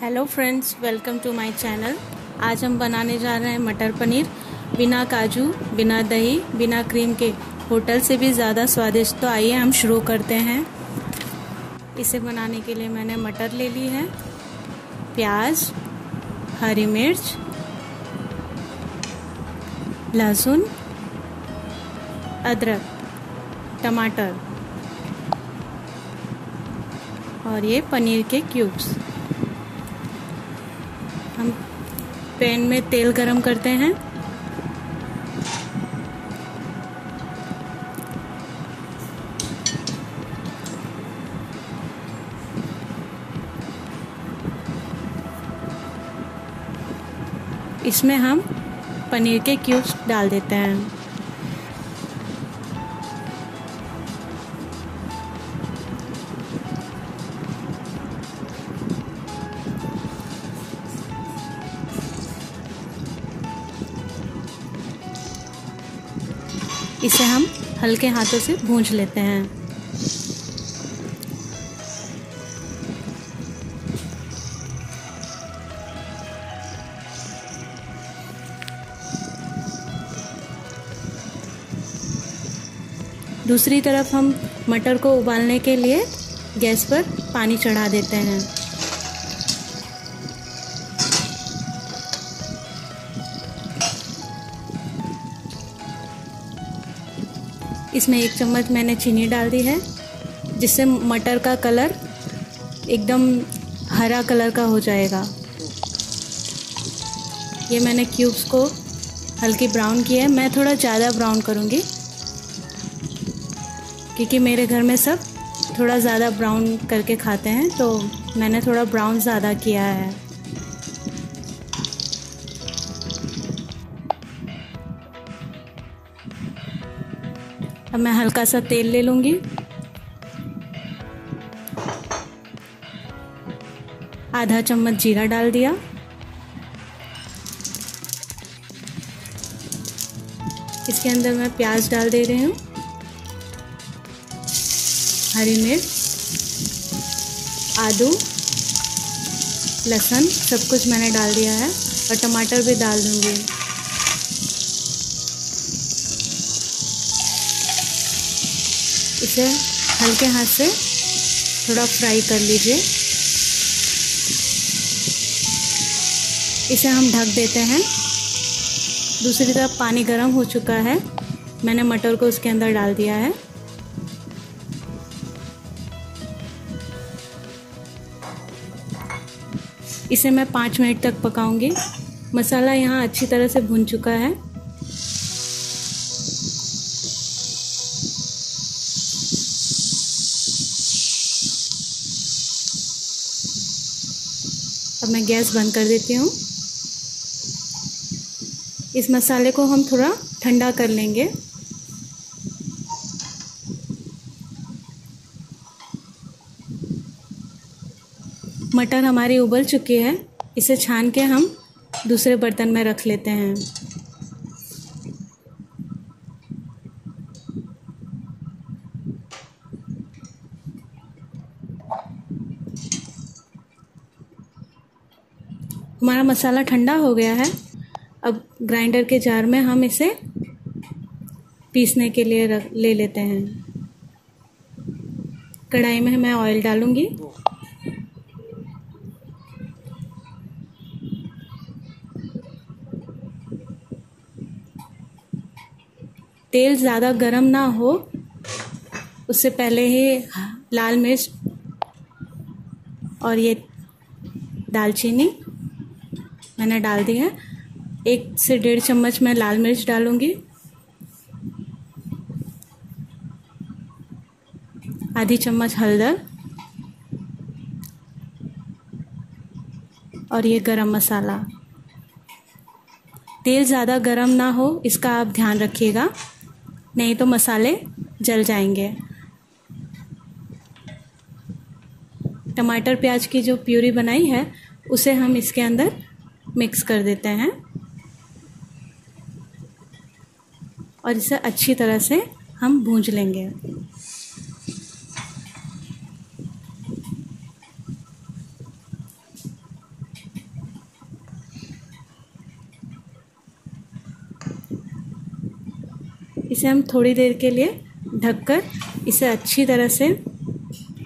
hello friends welcome to my channel आज हम बनाने जा रहे हैं मटर पनीर बिना काजू बिना दही बिना क्रीम के होटल से भी ज़्यादा स्वादिष्ट तो आइए हम शुरू करते हैं इसे बनाने के लिए मैंने मटर ले ली है प्याज हरी मिर्च लहसुन अदरक टमाटर और ये पनीर के क्यूब्स पैन में तेल गरम करते हैं इसमें हम पनीर के क्यूब्स डाल देते हैं इसे हम हल्के हाथों से भूंज लेते हैं दूसरी तरफ हम मटर को उबालने के लिए गैस पर पानी चढ़ा देते हैं इसमें एक चम्मच मैंने चीनी डाल दी है जिससे मटर का कलर एकदम हरा कलर का हो जाएगा ये मैंने क्यूब्स को हल्की ब्राउन किया है मैं थोड़ा ज़्यादा ब्राउन करूँगी क्योंकि मेरे घर में सब थोड़ा ज़्यादा ब्राउन करके खाते हैं तो मैंने थोड़ा ब्राउन ज़्यादा किया है अब मैं हल्का सा तेल ले लूँगी आधा चम्मच जीरा डाल दिया इसके अंदर मैं प्याज डाल दे रही हूँ हरी मिर्च आलू लहसुन सब कुछ मैंने डाल दिया है और टमाटर भी डाल दूँगी इसे हल्के हाथ से थोड़ा फ्राई कर लीजिए इसे हम ढक देते हैं दूसरी तरफ पानी गर्म हो चुका है मैंने मटर को उसके अंदर डाल दिया है इसे मैं पाँच मिनट तक पकाऊंगी मसाला यहाँ अच्छी तरह से भुन चुका है अब मैं गैस बंद कर देती हूँ इस मसाले को हम थोड़ा ठंडा कर लेंगे मटर हमारी उबल चुकी है इसे छान के हम दूसरे बर्तन में रख लेते हैं हमारा मसाला ठंडा हो गया है अब ग्राइंडर के जार में हम इसे पीसने के लिए रख ले लेते हैं कढ़ाई में मैं ऑयल डालूंगी तेल ज़्यादा गरम ना हो उससे पहले ही लाल मिर्च और ये दालचीनी मैंने डाल दी है एक से डेढ़ चम्मच मैं लाल मिर्च डालूंगी आधी चम्मच हल्दर और ये गरम मसाला तेल ज़्यादा गरम ना हो इसका आप ध्यान रखिएगा नहीं तो मसाले जल जाएंगे टमाटर प्याज की जो प्यूरी बनाई है उसे हम इसके अंदर मिक्स कर देते हैं और इसे अच्छी तरह से हम भूंज लेंगे इसे हम थोड़ी देर के लिए ढककर इसे अच्छी तरह से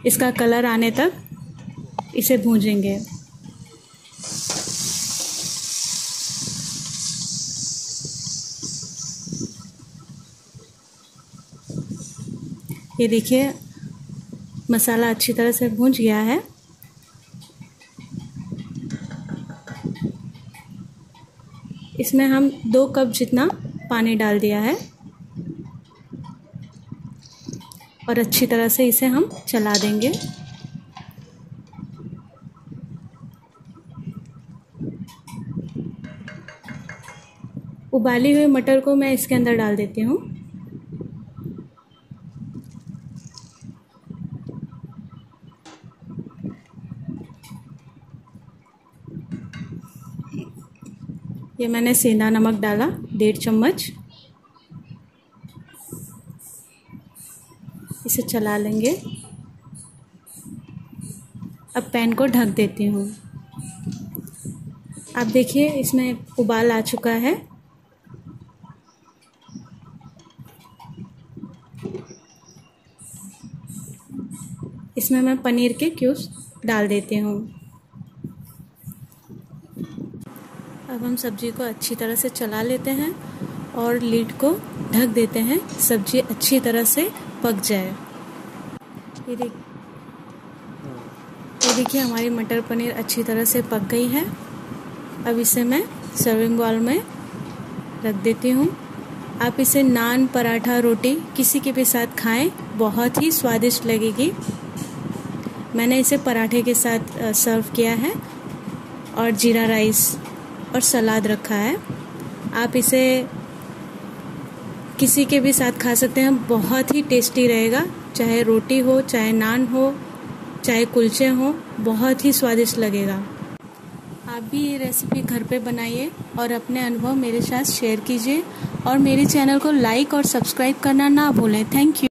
इसका कलर आने तक इसे भूंजेंगे ये देखिए मसाला अच्छी तरह से भूंज गया है इसमें हम दो कप जितना पानी डाल दिया है और अच्छी तरह से इसे हम चला देंगे उबाली हुई मटर को मैं इसके अंदर डाल देती हूँ ये मैंने सेंधा नमक डाला डेढ़ चम्मच इसे चला लेंगे अब पैन को ढक देती हूँ आप देखिए इसमें उबाल आ चुका है इसमें मैं पनीर के क्यूब्स डाल देती हूँ अब हम सब्जी को अच्छी तरह से चला लेते हैं और लीड को ढक देते हैं सब्जी अच्छी तरह से पक जाए ये देख ये देखिए हमारी मटर पनीर अच्छी तरह से पक गई है अब इसे मैं सर्विंग बॉल में रख देती हूँ आप इसे नान पराठा रोटी किसी के भी साथ खाएं बहुत ही स्वादिष्ट लगेगी मैंने इसे पराठे के साथ सर्व किया है और जीरा राइस और सलाद रखा है आप इसे किसी के भी साथ खा सकते हैं बहुत ही टेस्टी रहेगा चाहे रोटी हो चाहे नान हो चाहे कुलचे हो बहुत ही स्वादिष्ट लगेगा आप भी ये रेसिपी घर पे बनाइए और अपने अनुभव मेरे साथ शेयर कीजिए और मेरे चैनल को लाइक और सब्सक्राइब करना ना भूलें थैंक यू